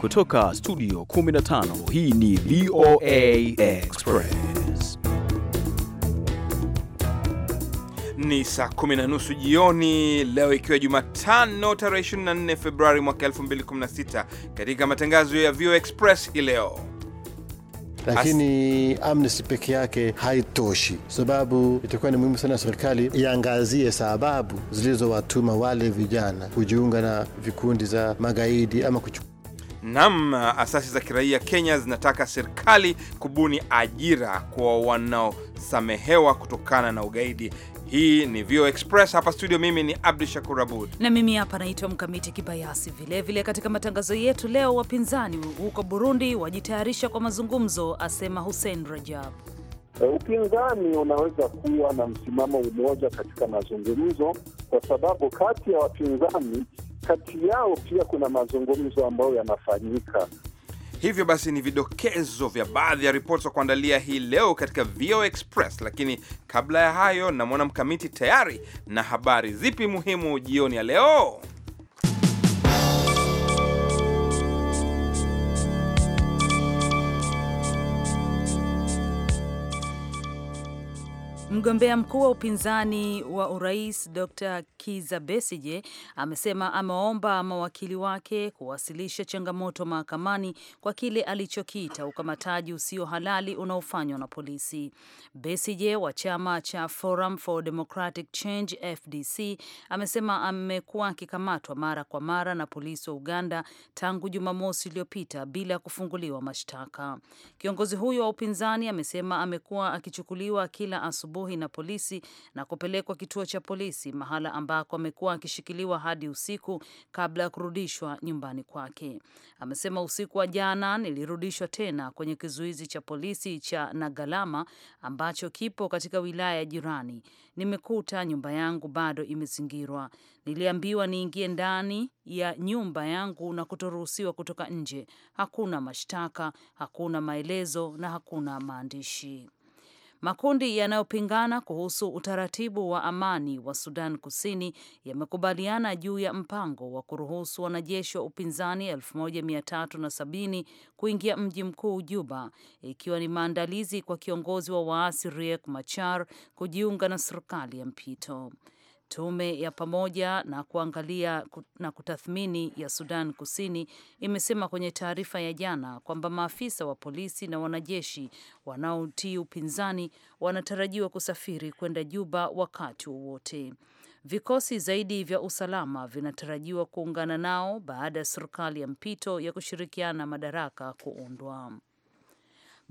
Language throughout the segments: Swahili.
Kutoka studio 15 hii ni VOA Express. Ni saa kumi na nusu jioni leo, ikiwa Jumatano tarehe 24 Februari mwaka 2016. Katika matangazo ya VOA Express hii leo lakini amnesty peke yake haitoshi, sababu itakuwa ni muhimu sana serikali iangazie sababu zilizowatuma wale vijana kujiunga na vikundi za magaidi ama kuchukua Naam, asasi za kiraia Kenya zinataka serikali kubuni ajira kwa wanaosamehewa kutokana na ugaidi. Hii ni Vio Express hapa studio. Mimi ni Abdu Shakur Abud na mimi hapa naitwa Mkamiti Kibayasi. Vilevile katika matangazo yetu leo, wapinzani huko Burundi wajitayarisha kwa mazungumzo, asema Hussein Rajab. Eh, upinzani unaweza kuwa na msimamo mmoja katika mazungumzo, kwa sababu kati ya wapinzani kati yao pia kuna mazungumzo ambayo yanafanyika. Hivyo basi ni vidokezo vya baadhi ya ripoti za kuandalia hii leo katika VO Express, lakini kabla ya hayo, namwona Mkamiti tayari na habari zipi muhimu jioni ya leo? Mgombea mkuu wa upinzani wa urais Dr. Kiza Besije amesema ameomba mawakili wake kuwasilisha changamoto mahakamani kwa kile alichokiita ukamataji usio halali unaofanywa na polisi. Besije wa chama cha Forum for Democratic Change FDC amesema amekuwa akikamatwa mara kwa mara na polisi wa Uganda tangu Jumamosi iliyopita bila ya kufunguliwa mashtaka. Kiongozi huyo wa upinzani amesema amekuwa akichukuliwa kila asubuhi asubuhi na polisi na kupelekwa kituo cha polisi mahala ambako amekuwa akishikiliwa hadi usiku kabla ya kurudishwa nyumbani kwake. Amesema usiku wa jana nilirudishwa tena kwenye kizuizi cha polisi cha Nagalama ambacho kipo katika wilaya ya jirani. Nimekuta nyumba yangu bado imezingirwa. Niliambiwa niingie ndani ya nyumba yangu na kutoruhusiwa kutoka nje. Hakuna mashtaka, hakuna maelezo na hakuna maandishi. Makundi yanayopingana kuhusu utaratibu wa amani wa Sudan Kusini yamekubaliana juu ya mpango wa kuruhusu wanajeshi wa upinzani 1370 kuingia mji mkuu Juba, ikiwa ni maandalizi kwa kiongozi wa waasi Riek Machar kujiunga na serikali ya mpito. Tume ya pamoja na kuangalia na kutathmini ya Sudan Kusini imesema kwenye taarifa ya jana kwamba maafisa wa polisi na wanajeshi wanaotii upinzani wanatarajiwa kusafiri kwenda Juba wakati wowote. Vikosi zaidi vya usalama vinatarajiwa kuungana nao baada ya serikali ya mpito ya kushirikiana madaraka kuundwa.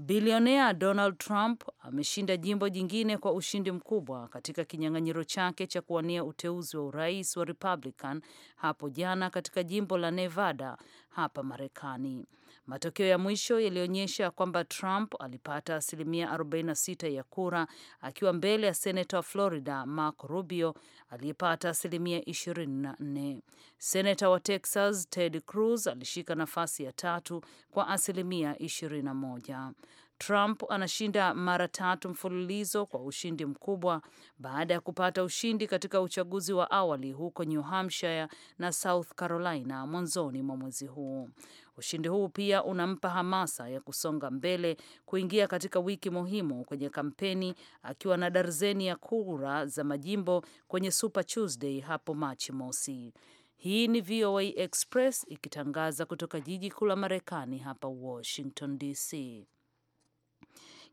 Bilionea Donald Trump ameshinda jimbo jingine kwa ushindi mkubwa katika kinyang'anyiro chake cha kuwania uteuzi wa urais wa Republican hapo jana katika jimbo la Nevada hapa Marekani. Matokeo ya mwisho yalionyesha kwamba Trump alipata asilimia 46 ya kura akiwa mbele ya senata wa Florida Mark Rubio aliyepata asilimia 24. Senata wa Texas Ted Cruz alishika nafasi ya tatu kwa asilimia 21. Trump anashinda mara tatu mfululizo kwa ushindi mkubwa baada ya kupata ushindi katika uchaguzi wa awali huko New Hampshire na South Carolina mwanzoni mwa mwezi huu. Ushindi huu pia unampa hamasa ya kusonga mbele kuingia katika wiki muhimu kwenye kampeni akiwa na darzeni ya kura za majimbo kwenye Super Tuesday hapo Machi mosi. Hii ni VOA Express ikitangaza kutoka jiji kuu la Marekani hapa Washington DC.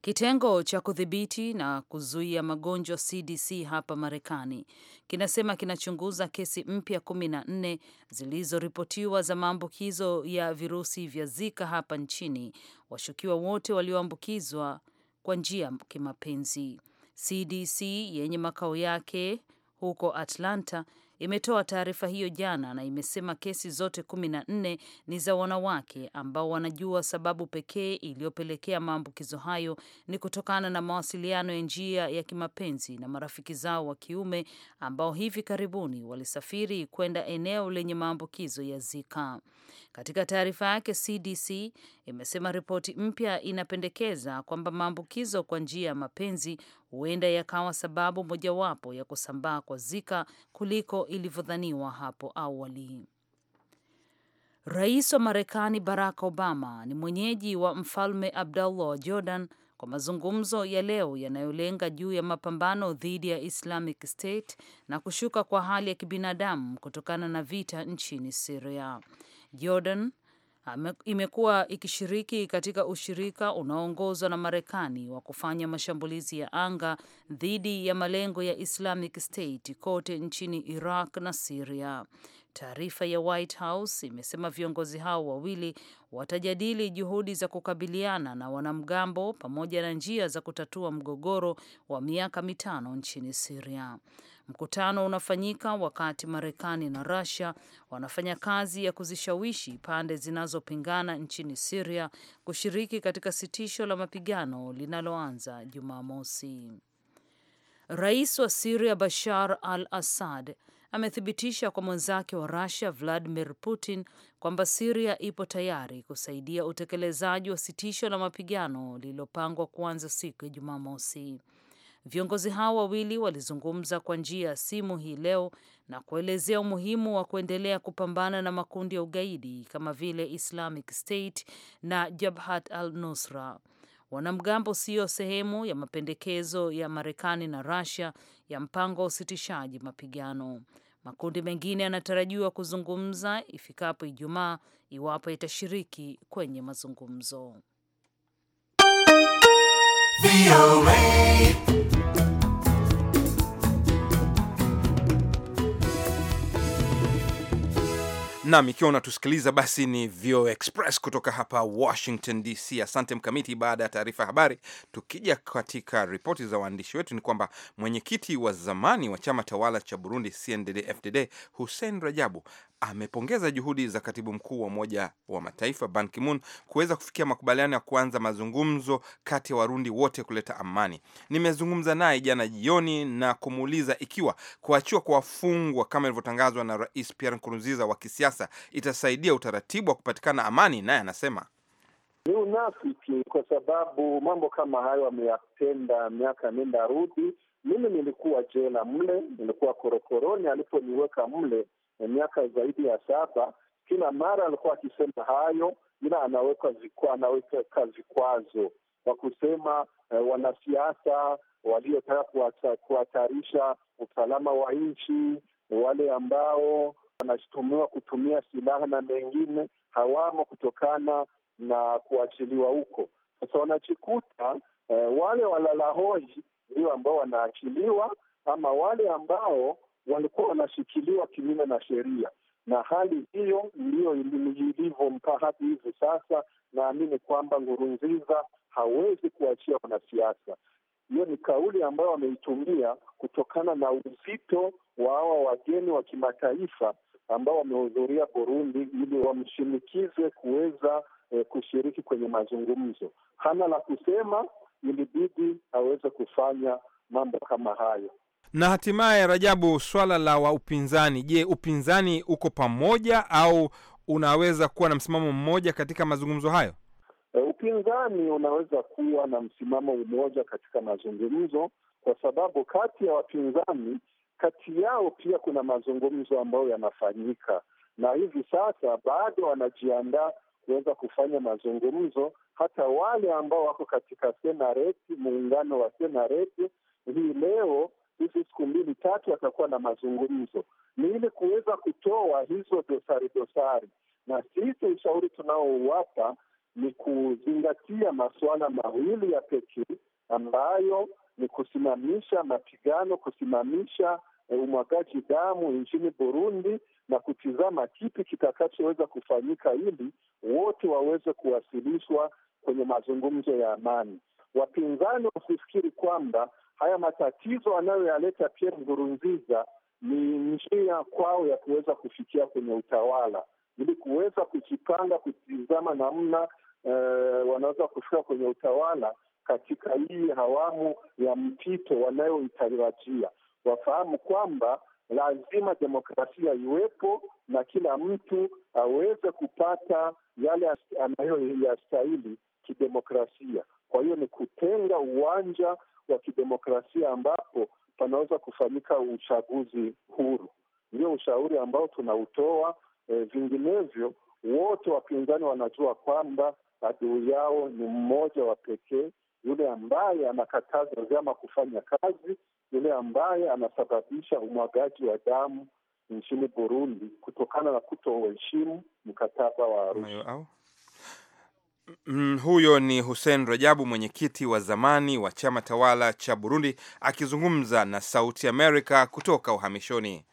Kitengo cha kudhibiti na kuzuia magonjwa CDC hapa Marekani kinasema kinachunguza kesi mpya kumi na nne zilizoripotiwa za maambukizo ya virusi vya Zika hapa nchini, washukiwa wote walioambukizwa kwa njia ya kimapenzi. CDC yenye makao yake huko Atlanta imetoa taarifa hiyo jana na imesema kesi zote kumi na nne ni za wanawake ambao wanajua sababu pekee iliyopelekea maambukizo hayo ni kutokana na mawasiliano ya njia ya kimapenzi na marafiki zao wa kiume ambao hivi karibuni walisafiri kwenda eneo lenye maambukizo ya Zika. Katika taarifa yake, CDC imesema ripoti mpya inapendekeza kwamba maambukizo kwa njia ya mapenzi huenda yakawa sababu mojawapo ya kusambaa kwa Zika kuliko ilivyodhaniwa hapo awali. Rais wa Marekani Barack Obama ni mwenyeji wa Mfalme Abdullah wa Jordan kwa mazungumzo ya leo yanayolenga juu ya mapambano dhidi ya Islamic State na kushuka kwa hali ya kibinadamu kutokana na vita nchini siria Jordan imekuwa ikishiriki katika ushirika unaoongozwa na Marekani wa kufanya mashambulizi ya anga dhidi ya malengo ya Islamic State kote nchini Iraq na Siria. Taarifa ya White House imesema viongozi hao wawili watajadili juhudi za kukabiliana na wanamgambo pamoja na njia za kutatua mgogoro wa miaka mitano nchini Syria. Mkutano unafanyika wakati Marekani na Russia wanafanya kazi ya kuzishawishi pande zinazopingana nchini Syria kushiriki katika sitisho la mapigano linaloanza Jumamosi. Rais wa Syria Bashar al-Assad amethibitisha kwa mwenzake wa rasia Vladimir Putin kwamba Siria ipo tayari kusaidia utekelezaji wa sitisho la mapigano lililopangwa kuanza siku ya Jumamosi. Viongozi hao wawili walizungumza kwa njia ya simu hii leo na kuelezea umuhimu wa kuendelea kupambana na makundi ya ugaidi kama vile Islamic State na Jabhat al-Nusra. Wanamgambo siyo sehemu ya mapendekezo ya Marekani na rasia ya mpango wa usitishaji mapigano. Makundi mengine yanatarajiwa kuzungumza ifikapo Ijumaa iwapo itashiriki kwenye mazungumzo. Nam, ikiwa unatusikiliza basi ni vo Express kutoka hapa Washington DC. Asante Mkamiti. Baada ya taarifa ya habari, tukija katika ripoti za waandishi wetu, ni kwamba mwenyekiti wa zamani wa chama tawala cha Burundi CNDD-FDD Hussein Rajabu amepongeza juhudi za katibu mkuu wa Umoja wa Mataifa Ban Ki-moon kuweza kufikia makubaliano ya kuanza mazungumzo kati ya Warundi wote kuleta amani. Nimezungumza naye jana jioni na kumuuliza ikiwa kuachiwa kwa wafungwa kama ilivyotangazwa na Rais Pierre Nkurunziza wa kisiasa kisiasa itasaidia utaratibu wa kupatikana amani? Naye anasema ni unafiki kwa sababu mambo kama hayo ameyatenda miaka nenda rudi. Mimi nilikuwa jela mle, nilikuwa korokoroni aliponiweka mle e, miaka zaidi ya saba. Kila mara alikuwa akisema hayo, ila anaweka anaweka vikwazo kwa kusema eh, wanasiasa waliotaka kuhatarisha usalama wa nchi, wale ambao wanashutumiwa kutumia silaha na mengine hawamo kutokana na kuachiliwa huko. Sasa wanachikuta eh, wale walalahoi ndio ambao wanaachiliwa ama wale ambao walikuwa wanashikiliwa kinyume na sheria, na hali hiyo ndiyo ilivyo mpaka hivi sasa. Naamini kwamba Ngurunziza hawezi kuachia wanasiasa. Hiyo ni kauli ambayo wameitumia kutokana na uzito wa hawa wageni wa kimataifa ambao wamehudhuria Burundi ili wamshinikize kuweza eh, kushiriki kwenye mazungumzo. Hana la kusema, ilibidi aweze kufanya mambo kama hayo. Na hatimaye, Rajabu, swala la wa upinzani. Je, upinzani uko pamoja au unaweza kuwa na msimamo mmoja katika mazungumzo hayo? E, upinzani unaweza kuwa na msimamo mmoja katika mazungumzo kwa sababu kati ya wapinzani kati yao pia kuna mazungumzo ambayo yanafanyika, na hivi sasa bado wanajiandaa kuweza kufanya mazungumzo. Hata wale ambao wako katika senareti, muungano wa senareti hii leo, hizi siku mbili tatu, watakuwa na mazungumzo, ni ili kuweza kutoa hizo dosari dosari, na sisi ushauri tunaowapa ni kuzingatia masuala mawili ya pekee ambayo ni kusimamisha mapigano, kusimamisha eh, umwagaji damu nchini Burundi na kutizama kipi kitakachoweza kufanyika ili wote waweze kuwasilishwa kwenye mazungumzo ya amani. Wapinzani wasifikiri kwamba haya matatizo anayoyaleta Pierre Nkurunziza ni njia kwao ya kuweza kufikia kwenye utawala, ili kuweza kujipanga, kutizama namna uh, wanaweza kufika kwenye utawala katika hii awamu ya mpito wanayoitarajia, wafahamu kwamba lazima demokrasia iwepo na kila mtu aweze kupata yale anayoyastahili kidemokrasia. Kwa hiyo ni kutenga uwanja wa kidemokrasia ambapo panaweza kufanyika uchaguzi huru. Ndio ushauri ambao tunautoa. E, vinginevyo wote wapinzani wanajua kwamba adui yao ni mmoja wa pekee yule ambaye anakataza vyama kufanya kazi, yule ambaye anasababisha umwagaji wa damu nchini Burundi kutokana na kutoheshimu mkataba wa Arusha. Mm, huyo ni Hussein Rajabu mwenyekiti wa zamani wa chama tawala cha Burundi akizungumza na Sauti Amerika kutoka uhamishoni.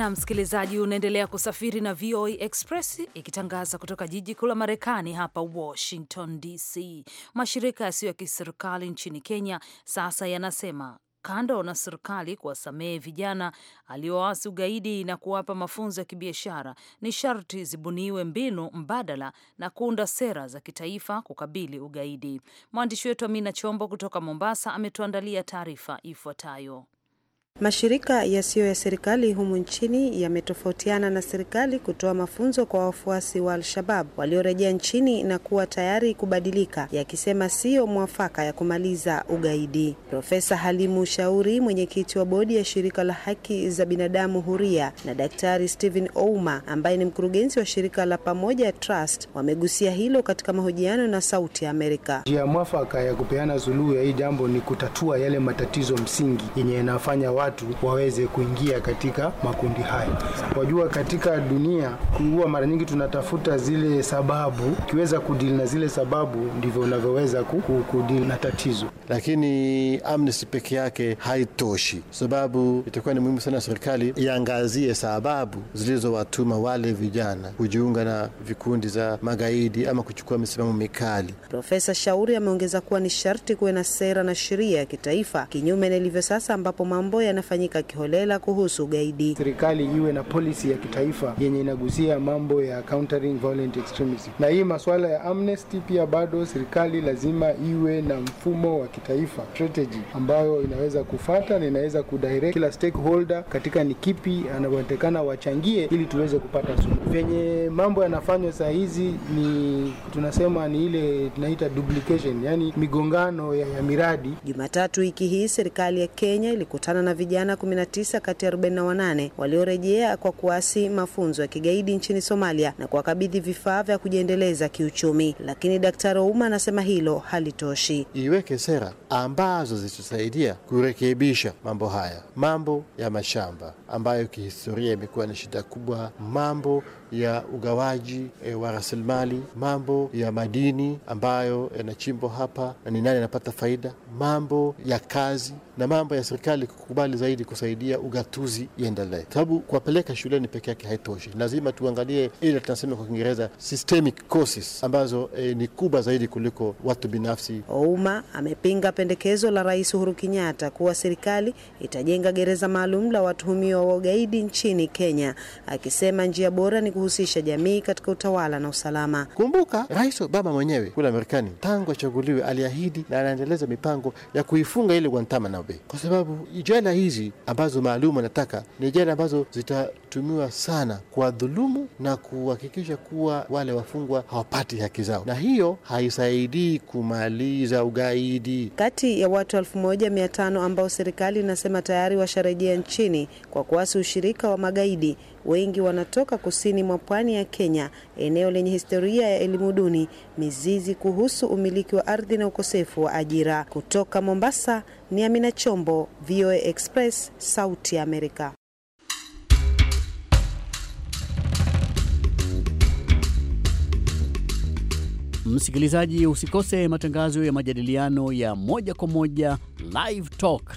na msikilizaji, unaendelea kusafiri na VOA Express ikitangaza kutoka jiji kuu la Marekani hapa Washington DC. Mashirika yasiyo ya kiserikali nchini Kenya sasa yanasema kando na serikali kuwasamehe vijana aliowaasi ugaidi na kuwapa mafunzo ya kibiashara, ni sharti zibuniwe mbinu mbadala na kuunda sera za kitaifa kukabili ugaidi. Mwandishi wetu Amina Chombo kutoka Mombasa ametuandalia taarifa ifuatayo. Mashirika yasiyo ya serikali humu nchini yametofautiana na serikali kutoa mafunzo kwa wafuasi wa Al-Shabab waliorejea nchini na kuwa tayari kubadilika, yakisema siyo mwafaka ya kumaliza ugaidi. Profesa Halimu Shauri, mwenyekiti wa bodi ya shirika la haki za binadamu Huria, na Daktari Stephen Ouma ambaye ni mkurugenzi wa shirika la Pamoja Trust wamegusia hilo katika mahojiano na Sauti ya Amerika. Njia mwafaka ya kupeana suluhu ya hii jambo ni kutatua yale matatizo msingi yenye yanafanya watu waweze kuingia katika makundi hayo. Wajua, katika dunia huwa mara nyingi tunatafuta zile sababu, ukiweza kudili na zile sababu ndivyo unavyoweza kudili na tatizo. Lakini amnesty peke yake haitoshi, sababu itakuwa ni muhimu sana serikali iangazie sababu zilizowatuma wale vijana kujiunga na vikundi za magaidi ama kuchukua misimamo mikali. Profesa Shauri ameongeza kuwa ni sharti kuwe na sera na sheria ya kitaifa, kinyume na ilivyo sasa ambapo mambo ya yanafanyika kiholela kuhusu ugaidi. Serikali iwe na polisi ya kitaifa yenye inagusia mambo ya countering violent extremism, na hii masuala ya amnesty pia bado serikali lazima iwe na mfumo wa kitaifa strategy ambayo inaweza kufata na inaweza kudirect kila stakeholder katika ni kipi anaotekana wachangie ili tuweze kupata suluhu. Venye mambo yanafanywa saa hizi ni tunasema ni ile tunaita duplication, yani migongano ya, ya miradi. Jumatatu wiki hii serikali ya Kenya ilikutana na vijana 19 kati ya 48 waliorejea kwa kuasi mafunzo ya kigaidi nchini Somalia na kuwakabidhi vifaa vya kujiendeleza kiuchumi. Lakini Daktari Ouma anasema hilo halitoshi. Iweke sera ambazo zitusaidia kurekebisha mambo haya, mambo ya mashamba ambayo kihistoria imekuwa ni shida kubwa, mambo ya ugawaji e, wa rasilimali, mambo ya madini ambayo yanachimbwa hapa na ni nani anapata faida, mambo ya kazi na mambo ya serikali kukubali zaidi kusaidia ugatuzi iendelee, sababu kuwapeleka shuleni peke yake haitoshi. Lazima tuangalie ile tunasema kwa Kiingereza systemic causes ambazo e, ni kubwa zaidi kuliko watu binafsi. Ouma amepinga pendekezo la Rais Uhuru Kenyatta kuwa serikali itajenga gereza maalum la watuhumiwa wa ugaidi nchini Kenya, akisema njia bora ni kuhusisha jamii katika utawala na usalama. Kumbuka Rais Obama mwenyewe kule Marekani tangu achaguliwe aliahidi na anaendeleza mipango ya kuifunga ile Guantanamo Bay, kwa sababu jela hizi ambazo maalum anataka ni jela ambazo zitatumiwa sana kwa dhulumu na kuhakikisha kuwa wale wafungwa hawapati haki zao, na hiyo haisaidii kumaliza ugaidi. Kati ya watu elfu moja mia tano ambao serikali inasema tayari washarejea nchini kwa kuasi ushirika wa magaidi wengi wanatoka kusini mwa pwani ya Kenya, eneo lenye historia ya elimu duni, mizizi kuhusu umiliki wa ardhi na ukosefu wa ajira. Kutoka Mombasa ni Amina Chombo, VOA Express, Sauti ya Amerika. Msikilizaji, usikose matangazo ya majadiliano ya moja kwa moja Live Talk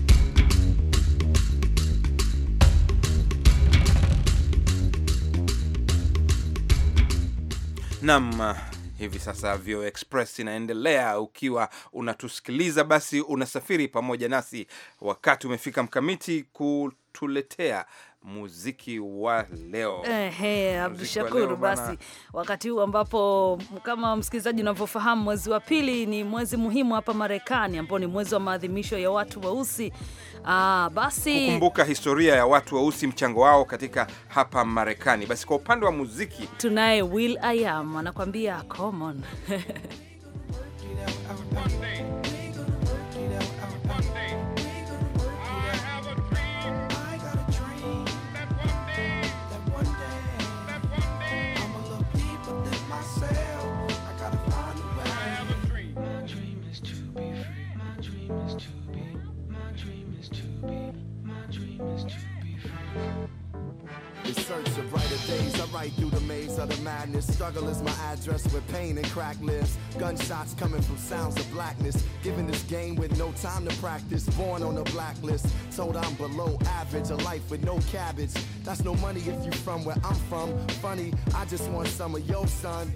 Naam, hivi sasa VOA Express inaendelea. Ukiwa unatusikiliza basi unasafiri pamoja nasi. Wakati umefika mkamiti ku kutuletea muziki wa leo. Ehe, Abdushakuru, basi wakati huu ambapo kama msikilizaji unavyofahamu, mwezi wa pili ni mwezi muhimu hapa Marekani ambao ni mwezi wa maadhimisho ya watu weusi wa ah, basi kukumbuka historia ya watu weusi wa mchango wao katika hapa Marekani. Basi kwa upande wa muziki tunaye Will I Am anakuambia common days. I ride through the maze of the madness. Struggle is my address with pain and crack lips. Gunshots coming from sounds of blackness. Giving this game with no time to practice. Born on the blacklist. Told I'm below average. A life with no cabbage. That's no money if you from where I'm from. Funny, I just want some of your son.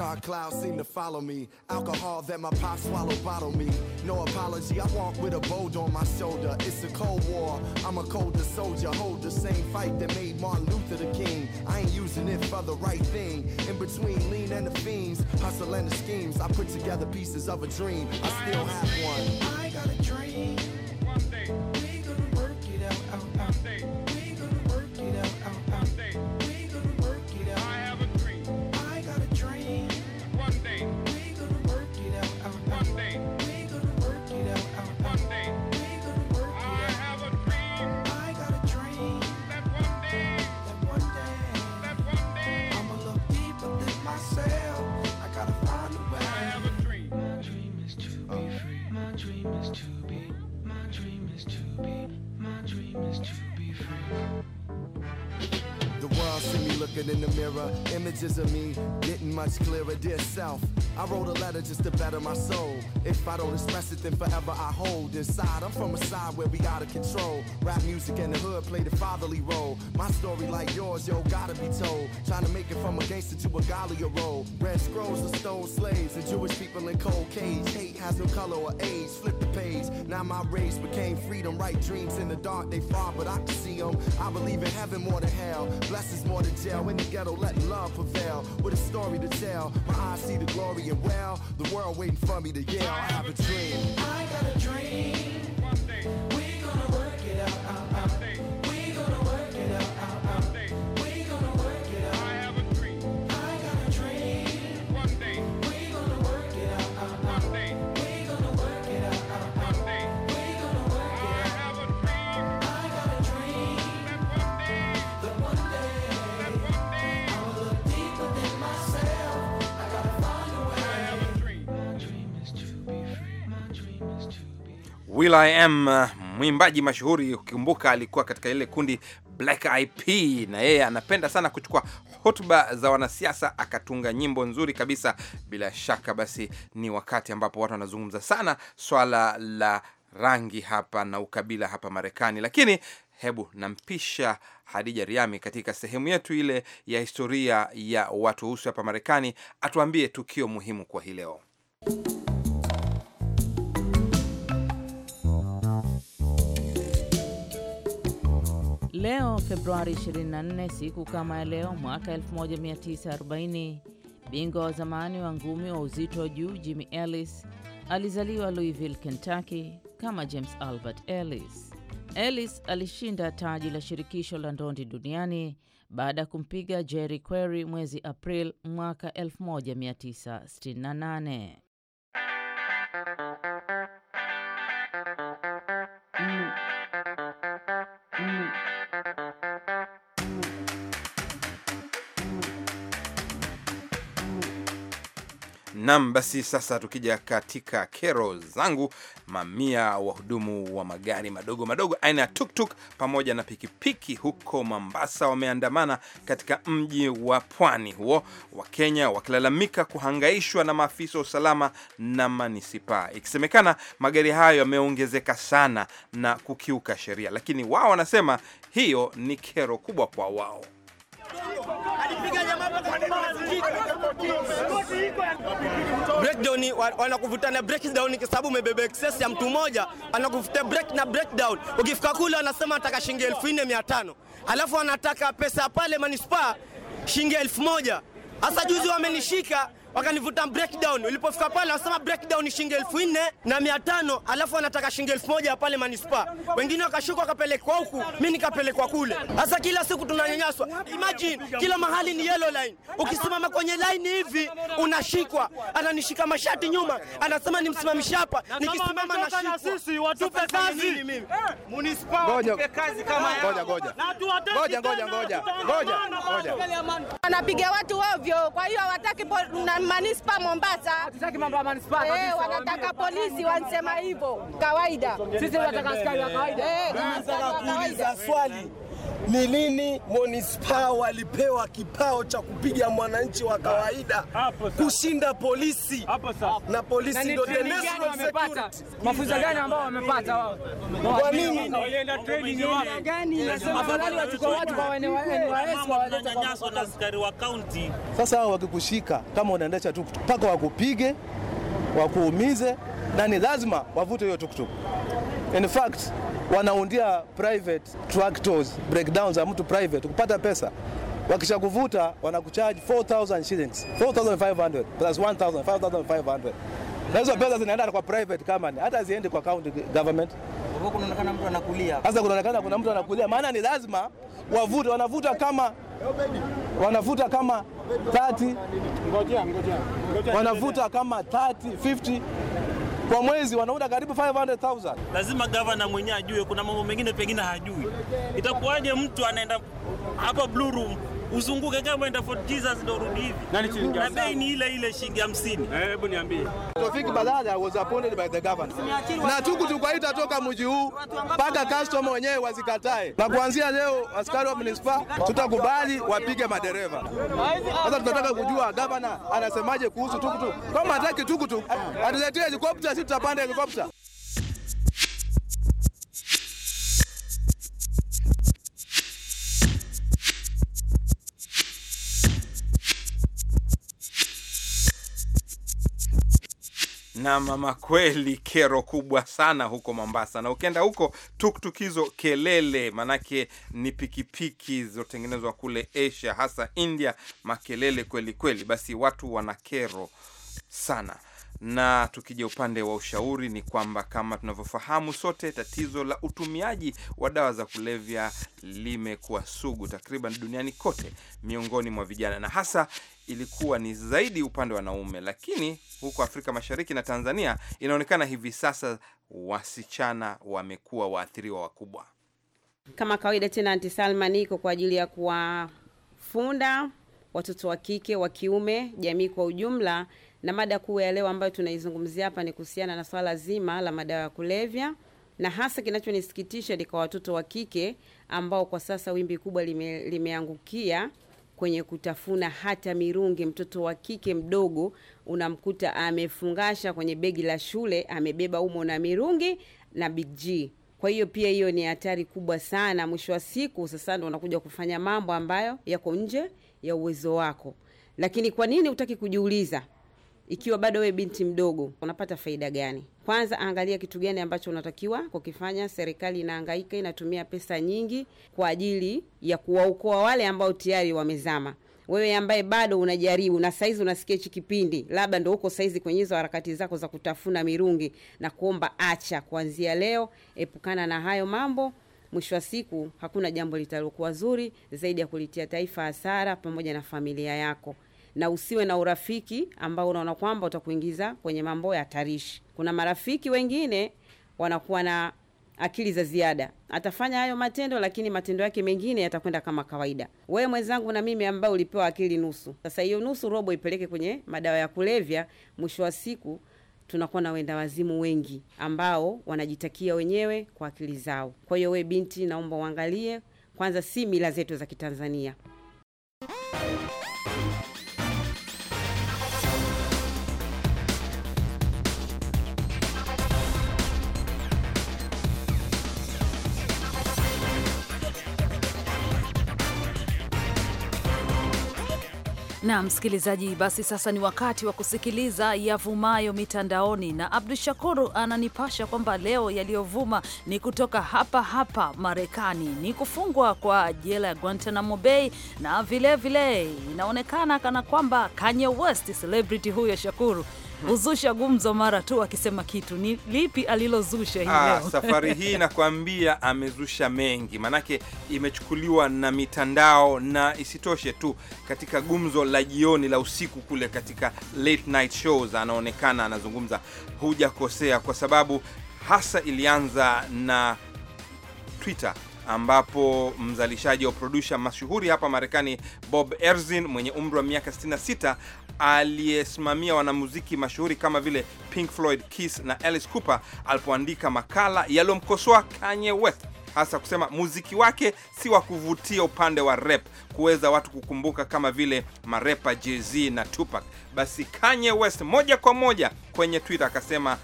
Dark clouds seem to follow me. Alcohol that my pop swallowed bottle me. No apology, I walk with a bold on my shoulder. It's a cold war. I'm a colder soldier. Hold the same fight that made Martin Luther the king. I ain't using it for the right thing. In between lean and the fiends, hustle and the schemes. I put together pieces of a dream. I still have one. I got a dream. looking in the mirror. Images of me getting much clearer, dear self. I wrote a letter just to better my soul. If I don't express it, then forever I hold inside. I'm from a side where we gotta control. Rap music and the hood play the fatherly role. My story, like yours, yo, gotta be told. Trying to make it from a gangster to a Galia role. Red scrolls and stone slaves and Jewish people in cold cage. Hate has no color or age. Flip the page. Now my race became freedom. Right dreams in the dark, they far, but I can see them. I believe in heaven more than hell. Blessings more than jail. In the ghetto, let love prevail. With a story to tell, my eyes see the glory and well, the world waiting for me to yell. I have a dream. I got a dream. Will I am uh, mwimbaji mashuhuri ukikumbuka, alikuwa katika ile kundi Black IP na yeye anapenda sana kuchukua hotuba za wanasiasa, akatunga nyimbo nzuri kabisa. Bila shaka basi, ni wakati ambapo watu wanazungumza sana swala la rangi hapa na ukabila hapa Marekani, lakini hebu nampisha Hadija Riami katika sehemu yetu ile ya historia ya watu weusi hapa Marekani, atuambie tukio muhimu kwa hii leo. Leo Februari 24, siku kama ya leo mwaka 1940, bingwa wa zamani wa ngumi wa uzito wa juu Jimmy Ellis alizaliwa Louisville, Kentucky kama James Albert Ellis. Ellis alishinda taji la shirikisho la ndondi duniani baada ya kumpiga Jerry query mwezi April mwaka 1968. Nam, basi sasa tukija katika kero zangu, mamia wahudumu wa magari madogo madogo aina ya tuktuk pamoja na pikipiki huko Mombasa wameandamana katika mji wa pwani huo wa Kenya, wakilalamika kuhangaishwa na maafisa wa usalama na manisipaa, ikisemekana magari hayo yameongezeka sana na kukiuka sheria, lakini wao wanasema hiyo ni kero kubwa kwa wao breakdown wanakuvutana breakdown kwa sababu umebeba excess ya mtu mmoja, anakuvuta break na breakdown. Ukifika kule wanasema nataka shilingi 4500 alafu anataka pesa pale manispaa shilingi 1000. hasa juzi wamenishika wakanivuta breakdown. Ulipofika pale wanasema breakdown shilingi elfu nne na mia tano alafu wanataka shilingi elfu moja pale manispa. Wengine wakashuka wakapelekwa huku, mi nikapelekwa kule. Sasa kila siku tunanyanyaswa. Imagine kila mahali ni yellow line, ukisimama kwenye line hivi unashikwa. Ananishika mashati nyuma, anasema nimsimamishe hapa, nikisimama na Sisi watupe kazi, manispaa eh, watupe kazi kama yao. Ngoja ngoja ngoja ngoja, anapiga watu ovyo, kwa hiyo hawataki manispa Mombasa mambo ya manispa eh, kabisa. eh, wanataka polisi, wansema hivyo kawaida. Sisi tunataka askari wa kawaida. Eh, tunataka kuuliza swali ni lini manispaa walipewa kipao cha kupiga mwananchi wa kawaida ah, kushinda polisi? Na polisi ndio wamepata mafunzo gani ambao wamepata wao? Kwa nini walienda training gani? Inasema halali wachukua watu kwa wenye wao wa wanaweza na askari wa county. Sasa hao wakikushika kama unaendesha tu mpaka wakupige wakuumize, na ni lazima wavute hiyo tuktuk. In fact wanaundia private tractors breakdowns za mtu private kupata pesa, wakishakuvuta wanakucharge 4000 shillings, 4500 plus 1000, 5500 na hizo pesa zinaenda kwa private company, hata ziende kwa county government. Kunaonekana mtu anakulia sasa, kunaonekana kuna mtu anakulia, maana ni lazima wavute, wanavuta kama wanavuta kama 30, wanavuta kama 30 50 kwa mwezi wanauda karibu 500,000. Lazima gavana mwenyewe ajue, kuna mambo mengine pengine hajui. Itakuwaje mtu anaenda hapa Blue Room uzunguke kama enda Fort Jesus ndo rudi hivi, na bei ni ile ile shilingi 50. Eh, hebu niambie. Tofik Balala was appointed by the governor. Na tuku tukaita toka mji huu mpaka customer wenyewe wazikatae, na kuanzia leo askari wa munisipa tutakubali wapige madereva. Sasa tunataka kujua governor anasemaje kuhusu tukutuku. Kama hataki tukutuku atuletee helicopter sisi tutapanda helicopter. na mama, kweli kero kubwa sana huko Mombasa, na ukienda huko tuktuk hizo kelele, manake ni pikipiki zilizotengenezwa kule Asia, hasa India, makelele kweli kweli. Basi watu wana kero sana. Na tukija upande wa ushauri, ni kwamba kama tunavyofahamu sote, tatizo la utumiaji wa dawa za kulevya limekuwa sugu takriban duniani kote miongoni mwa vijana, na hasa ilikuwa ni zaidi upande wa wanaume, lakini huko Afrika Mashariki na Tanzania inaonekana hivi sasa wasichana wamekuwa waathiriwa wakubwa. Kama kawaida tena, Anti Salma niko kwa ajili ya kuwafunda watoto wa kike wa kiume, jamii kwa ujumla na mada kuu ya leo ambayo tunaizungumzia hapa ni kuhusiana na swala zima la madawa ya kulevya, na hasa kinachonisikitisha ni kwa watoto wa kike ambao kwa sasa wimbi kubwa lime, limeangukia kwenye kutafuna hata mirungi. Mtoto wa kike mdogo unamkuta amefungasha kwenye begi la shule, amebeba umo na mirungi na Big G. Kwa hiyo pia hiyo ni hatari kubwa sana. Mwisho wa siku, sasa ndo unakuja kufanya mambo ambayo yako nje ya uwezo wako, lakini kwa nini utaki kujiuliza ikiwa bado wewe binti mdogo, unapata faida gani? Kwanza angalia kitu gani ambacho unatakiwa kukifanya. Serikali inaangaika inatumia pesa nyingi kwa ajili ya kuwaokoa wale ambao tayari wamezama. Wewe ambaye bado unajaribu na saizi unasikia hichi kipindi, labda ndo uko saizi kwenye hizo harakati zako za kutafuna mirungi, na kuomba acha kuanzia leo, epukana na hayo mambo. Mwisho wa siku hakuna jambo litalokuwa zuri zaidi ya kulitia taifa hasara pamoja na familia yako na usiwe na urafiki ambao unaona kwamba utakuingiza kwenye mambo ya tarishi Kuna marafiki wengine wanakuwa na akili za ziada, atafanya hayo matendo, lakini matendo yake mengine yatakwenda kama kawaida. Wewe mwenzangu na mimi ambao ulipewa akili nusu, sasa hiyo nusu robo ipeleke kwenye madawa ya kulevya, mwisho wa siku tunakuwa na wenda wazimu wengi ambao wanajitakia wenyewe kwa akili zao. Kwa hiyo we binti, naomba uangalie kwanza si mila zetu za Kitanzania. Na msikilizaji, basi sasa ni wakati wa kusikiliza yavumayo mitandaoni, na Abdu Shakuru ananipasha kwamba leo yaliyovuma ni kutoka hapa hapa Marekani, ni kufungwa kwa jela ya Guantanamo Bay, na vilevile vile, inaonekana kana kwamba Kanye West celebrity huyo Shakuru huzusha gumzo mara tu akisema kitu. Ni lipi alilozusha hii ah, leo? safari hii nakwambia amezusha mengi, manake imechukuliwa na mitandao, na isitoshe tu katika gumzo la jioni la usiku kule katika late night shows anaonekana anazungumza. Hujakosea, kwa sababu hasa ilianza na Twitter ambapo mzalishaji wa produsha mashuhuri hapa Marekani Bob Erzin mwenye umri wa miaka 66 aliyesimamia wanamuziki mashuhuri kama vile Pink Floyd, Kiss na Alice Cooper alipoandika makala yaliyomkosoa Kanye West hasa kusema muziki wake si wa kuvutia upande wa rap, kuweza watu kukumbuka kama vile marepa Jay-Z na Tupac. Basi Kanye West moja kwa moja kwenye Twitter akasema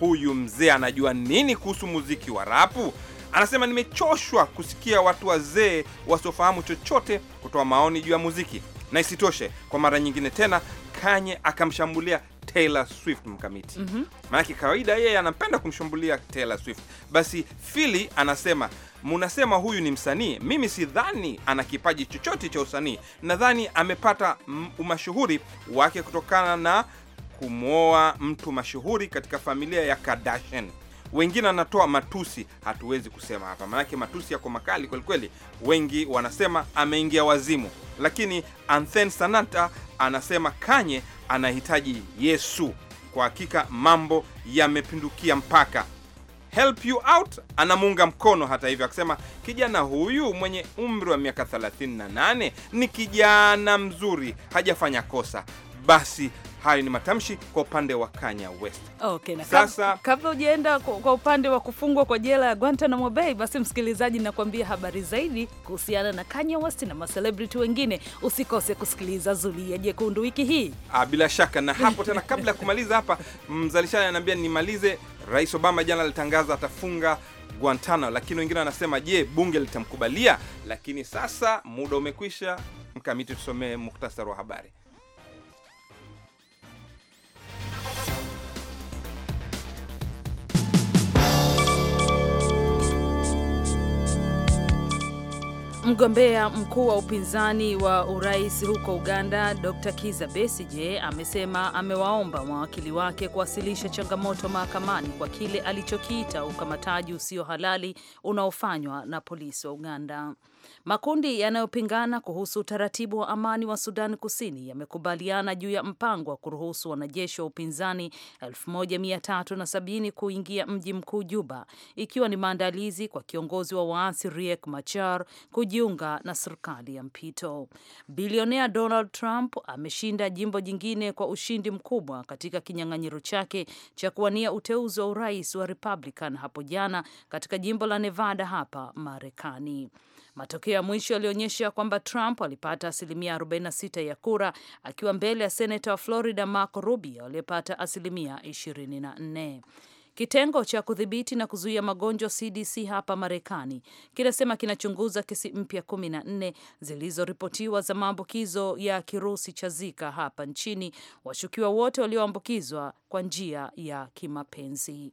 huyu mzee anajua nini kuhusu muziki wa rapu? Anasema nimechoshwa kusikia watu wazee wasiofahamu chochote kutoa maoni juu ya muziki. Na isitoshe kwa mara nyingine tena Kanye akamshambulia Taylor Swift mkamiti. mm -hmm. Maanake kawaida yeye anampenda kumshambulia Taylor Swift. Basi fili anasema munasema huyu ni msanii, mimi sidhani ana kipaji chochote cha usanii. Nadhani amepata umashuhuri wake kutokana na kumwoa mtu mashuhuri katika familia ya Kardashian wengine wanatoa matusi, hatuwezi kusema hapa, maanake matusi yako makali kwelikweli. Wengi wanasema ameingia wazimu, lakini Anthen Sanata anasema Kanye anahitaji Yesu. Kwa hakika mambo yamepindukia mpaka Help You Out anamuunga mkono hata hivyo, akisema kijana huyu mwenye umri wa miaka 38 ni kijana mzuri, hajafanya kosa. Basi Hayo ni matamshi kwa upande wa kanya West. Okay, na sasa kabla ujaenda kwa upande wa kufungwa kwa jela ya Guantanamo Bay, basi msikilizaji, nakuambia habari zaidi kuhusiana na Kanya West na macelebrity wengine. Usikose kusikiliza zulia jekundu wiki hii, ah, bila shaka. Na hapo tena, kabla ya kumaliza hapa, mzalishaji anaambia nimalize, Rais Obama jana alitangaza atafunga Guantanamo, lakini wengine wanasema je, bunge litamkubalia? Lakini sasa muda umekwisha. Mkamiti, tusomee muktasari wa habari. Mgombea mkuu wa upinzani wa urais huko Uganda, Dr Kiza Besije amesema amewaomba mawakili wake kuwasilisha changamoto mahakamani kwa kile alichokiita ukamataji usio halali unaofanywa na polisi wa Uganda. Makundi yanayopingana kuhusu utaratibu wa amani wa sudani Kusini yamekubaliana juu ya mpango wa kuruhusu wanajeshi wa upinzani 1370 kuingia mji mkuu Juba, ikiwa ni maandalizi kwa kiongozi wa waasi Riek Machar kujiunga na serikali ya mpito. Bilionea Donald Trump ameshinda jimbo jingine kwa ushindi mkubwa katika kinyang'anyiro chake cha kuwania uteuzi wa urais wa Republican hapo jana katika jimbo la Nevada hapa Marekani. Matokeo ya mwisho yalionyesha kwamba Trump alipata asilimia 46 ya kura akiwa mbele ya senata wa Florida Mark Rubio aliyepata asilimia 24. Kitengo cha kudhibiti na kuzuia magonjwa CDC hapa Marekani kinasema kinachunguza kesi mpya 14 zilizoripotiwa za maambukizo ya kirusi cha Zika hapa nchini, washukiwa wote walioambukizwa kwa njia ya kimapenzi.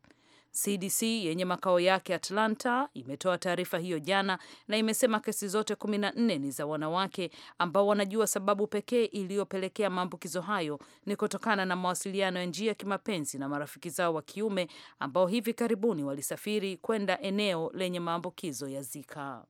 CDC yenye makao yake Atlanta imetoa taarifa hiyo jana na imesema kesi zote kumi na nne ni za wanawake ambao wanajua sababu pekee iliyopelekea maambukizo hayo ni kutokana na mawasiliano ya njia ya kimapenzi na marafiki zao wa kiume ambao hivi karibuni walisafiri kwenda eneo lenye maambukizo ya Zika.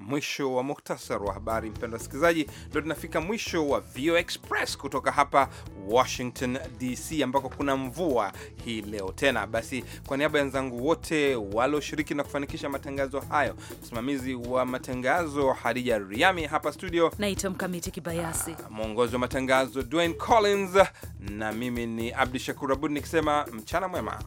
Mwisho wa muhtasari wa habari. Mpendwa msikilizaji, ndo tunafika mwisho wa VO Express kutoka hapa Washington DC, ambako kuna mvua hii leo tena. Basi, kwa niaba ya wenzangu wote walioshiriki na kufanikisha matangazo hayo, msimamizi wa matangazo Hadija Riami, hapa studio naitwa Mkamiti Kibayasi, ah, mwongozi wa matangazo Dwayne Collins, na mimi ni Abdu Shakur Abud nikisema mchana mwema.